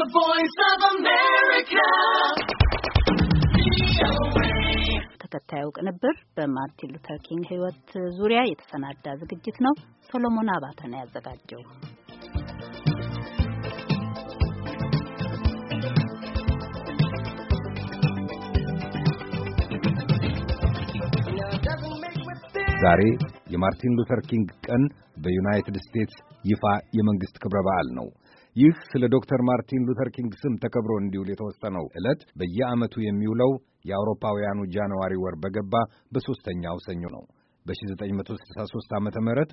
The Voice of America. ተከታዩ ቅንብር በማርቲን ሉተር ኪንግ ሕይወት ዙሪያ የተሰናዳ ዝግጅት ነው። ሶሎሞን አባተ ነው ያዘጋጀው። ዛሬ የማርቲን ሉተር ኪንግ ቀን በዩናይትድ ስቴትስ ይፋ የመንግሥት ክብረ በዓል ነው። ይህ ስለ ዶክተር ማርቲን ሉተር ኪንግ ስም ተከብሮ እንዲውል የተወሰነው ዕለት በየዓመቱ የሚውለው የአውሮፓውያኑ ጃንዋሪ ወር በገባ በሦስተኛው ሰኞ ነው። በ1963 ዓ ም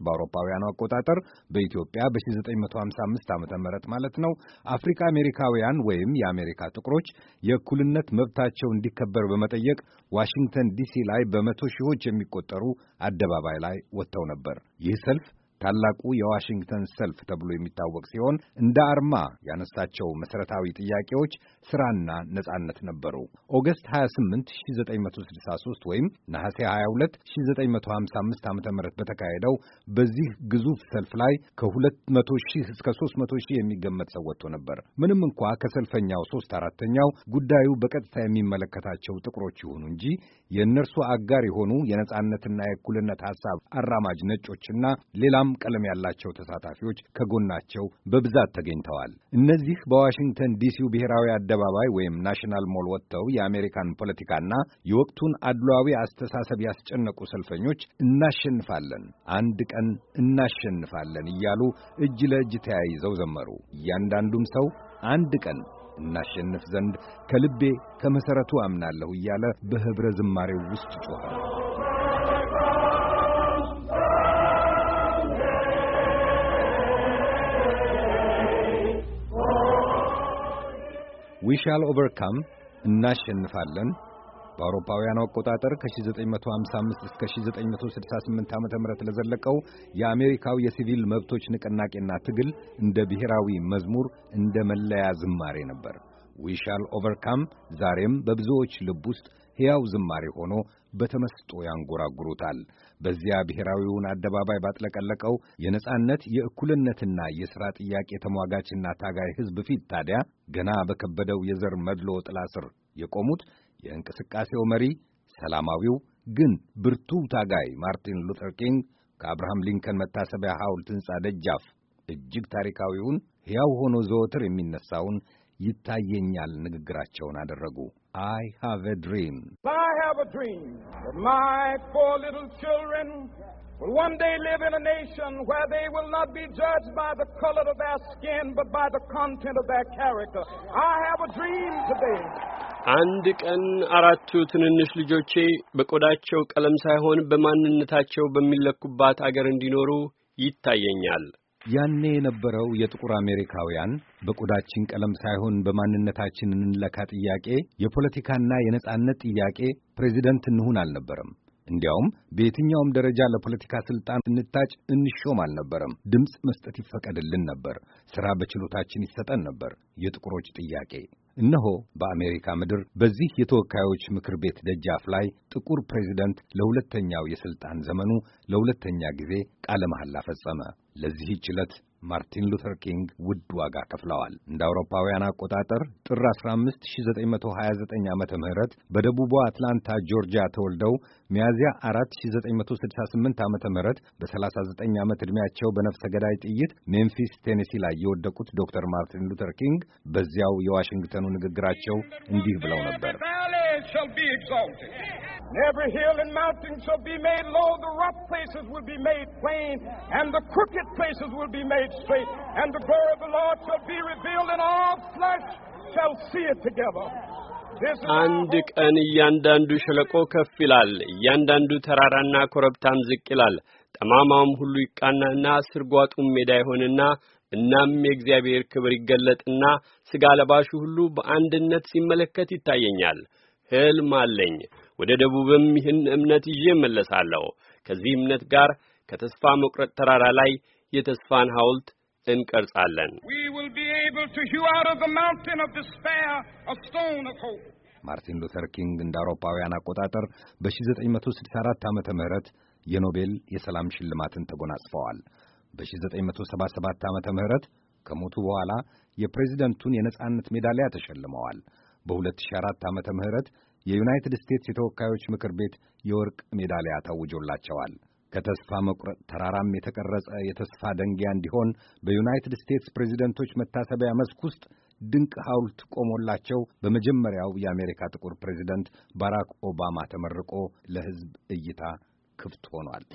በአውሮፓውያኑ አቆጣጠር በኢትዮጵያ በ1955 ዓ ም ማለት ነው። አፍሪካ አሜሪካውያን ወይም የአሜሪካ ጥቁሮች የእኩልነት መብታቸው እንዲከበር በመጠየቅ ዋሽንግተን ዲሲ ላይ በመቶ ሺዎች የሚቆጠሩ አደባባይ ላይ ወጥተው ነበር። ይህ ሰልፍ ታላቁ የዋሽንግተን ሰልፍ ተብሎ የሚታወቅ ሲሆን እንደ አርማ ያነሳቸው መሠረታዊ ጥያቄዎች ሥራና ነጻነት ነበሩ። ኦገስት 28 1963 ወይም ነሐሴ 22 1955 ዓ ም በተካሄደው በዚህ ግዙፍ ሰልፍ ላይ ከ200 ሺህ እስከ 300 ሺህ የሚገመት ሰው ወጥቶ ነበር። ምንም እንኳ ከሰልፈኛው ሦስት አራተኛው ጉዳዩ በቀጥታ የሚመለከታቸው ጥቁሮች ይሁኑ እንጂ የእነርሱ አጋር የሆኑ የነጻነትና የእኩልነት ሐሳብ አራማጅ ነጮችና ሌላ ወርቃም ቀለም ያላቸው ተሳታፊዎች ከጎናቸው በብዛት ተገኝተዋል። እነዚህ በዋሽንግተን ዲሲው ብሔራዊ አደባባይ ወይም ናሽናል ሞል ወጥተው የአሜሪካን ፖለቲካና የወቅቱን አድሏዊ አስተሳሰብ ያስጨነቁ ሰልፈኞች እናሸንፋለን፣ አንድ ቀን እናሸንፋለን እያሉ እጅ ለእጅ ተያይዘው ዘመሩ። እያንዳንዱም ሰው አንድ ቀን እናሸንፍ ዘንድ ከልቤ ከመሠረቱ አምናለሁ እያለ በኅብረ ዝማሬው ውስጥ ጮኸ። ዊሻል ኦቨርካም እናሸንፋለን በአውሮፓውያን አቆጣጠር ከ1955 እስከ 1968 ዓ ም ለዘለቀው የአሜሪካው የሲቪል መብቶች ንቅናቄና ትግል እንደ ብሔራዊ መዝሙር እንደ መለያ ዝማሬ ነበር። ዊሻል ኦቨርካም ዛሬም በብዙዎች ልብ ውስጥ ሕያው ዝማሬ ሆኖ በተመስጦ ያንጎራጉሩታል። በዚያ ብሔራዊውን አደባባይ ባጥለቀለቀው የነጻነት የእኩልነትና የሥራ ጥያቄ ተሟጋችና ታጋይ ሕዝብ ፊት ታዲያ ገና በከበደው የዘር መድሎ ጥላ ስር የቆሙት የእንቅስቃሴው መሪ ሰላማዊው ግን ብርቱ ታጋይ ማርቲን ሉተር ኪንግ ከአብርሃም ሊንከን መታሰቢያ ሐውልት ሕንፃ ደጃፍ እጅግ ታሪካዊውን ሕያው ሆኖ ዘወትር የሚነሳውን ይታየኛል ንግግራቸውን አደረጉ። አይ ሃቭ a dream. I have a dream that my four little will one day live in a nation where they will not be judged by the color of their skin but by the content of their character. I have a dream today. አንድ ቀን አራቱ ትንንሽ ልጆቼ በቆዳቸው ቀለም ሳይሆን በማንነታቸው በሚለኩባት አገር እንዲኖሩ ይታየኛል ያኔ የነበረው የጥቁር አሜሪካውያን በቆዳችን ቀለም ሳይሆን በማንነታችን እንለካ ጥያቄ የፖለቲካና የነጻነት ጥያቄ ፕሬዚደንት እንሁን አልነበረም። እንዲያውም በየትኛውም ደረጃ ለፖለቲካ ስልጣን እንታጭ እንሾም አልነበረም። ድምፅ መስጠት ይፈቀድልን ነበር። ሥራ በችሎታችን ይሰጠን ነበር። የጥቁሮች ጥያቄ እነሆ በአሜሪካ ምድር በዚህ የተወካዮች ምክር ቤት ደጃፍ ላይ ጥቁር ፕሬዚደንት ለሁለተኛው የሥልጣን ዘመኑ ለሁለተኛ ጊዜ ቃለ መሐላ ፈጸመ። ለዚህች ዕለት ማርቲን ሉተር ኪንግ ውድ ዋጋ ከፍለዋል። እንደ አውሮፓውያን አቆጣጠር ጥር 15 1929 ዓመተ ምህረት በደቡቧ አትላንታ ጆርጂያ ተወልደው ሚያዝያ 4 1968 ዓመተ ምህረት በ39 ዓመት ዕድሜያቸው በነፍሰ ገዳይ ጥይት ሜምፊስ ቴኔሲ ላይ የወደቁት ዶክተር ማርቲን ሉተር ኪንግ በዚያው የዋሽንግተኑ ንግግራቸው እንዲህ ብለው ነበር። And every hill and mountain shall be made low. The rough places will be made plain, and the crooked places will be made straight. And the glory of the Lord shall be revealed, and all flesh shall see it together. አንድ ቀን እያንዳንዱ ሸለቆ ከፍ ይላል፣ እያንዳንዱ ተራራና ኮረብታም ዝቅ ይላል። ጠማማውም ሁሉ ይቃናና ስርጓጡም ሜዳ ይሆንና እናም የእግዚአብሔር ክብር ይገለጥና ሥጋ ለባሹ ሁሉ በአንድነት ሲመለከት ይታየኛል። ሕልም አለኝ። ወደ ደቡብም ይህን እምነት ይዤ እመለሳለሁ። ከዚህ እምነት ጋር ከተስፋ መቁረጥ ተራራ ላይ የተስፋን ሐውልት እንቀርጻለን። ማርቲን ሉተር ኪንግ እንደ አውሮፓውያን አቆጣጠር በ1964 ዓመተ ምህረት የኖቤል የሰላም ሽልማትን ተጎናጽፈዋል። በ1977 ዓመተ ምህረት ከሞቱ በኋላ የፕሬዚደንቱን የነጻነት ሜዳሊያ ተሸልመዋል። በ2004 ዓመተ ምህረት የዩናይትድ ስቴትስ የተወካዮች ምክር ቤት የወርቅ ሜዳሊያ ታውጆላቸዋል። ከተስፋ መቁረጥ ተራራም የተቀረጸ የተስፋ ደንጊያ እንዲሆን በዩናይትድ ስቴትስ ፕሬዚደንቶች መታሰቢያ መስክ ውስጥ ድንቅ ሐውልት ቆሞላቸው በመጀመሪያው የአሜሪካ ጥቁር ፕሬዚደንት ባራክ ኦባማ ተመርቆ ለሕዝብ እይታ ክፍት ሆኗል።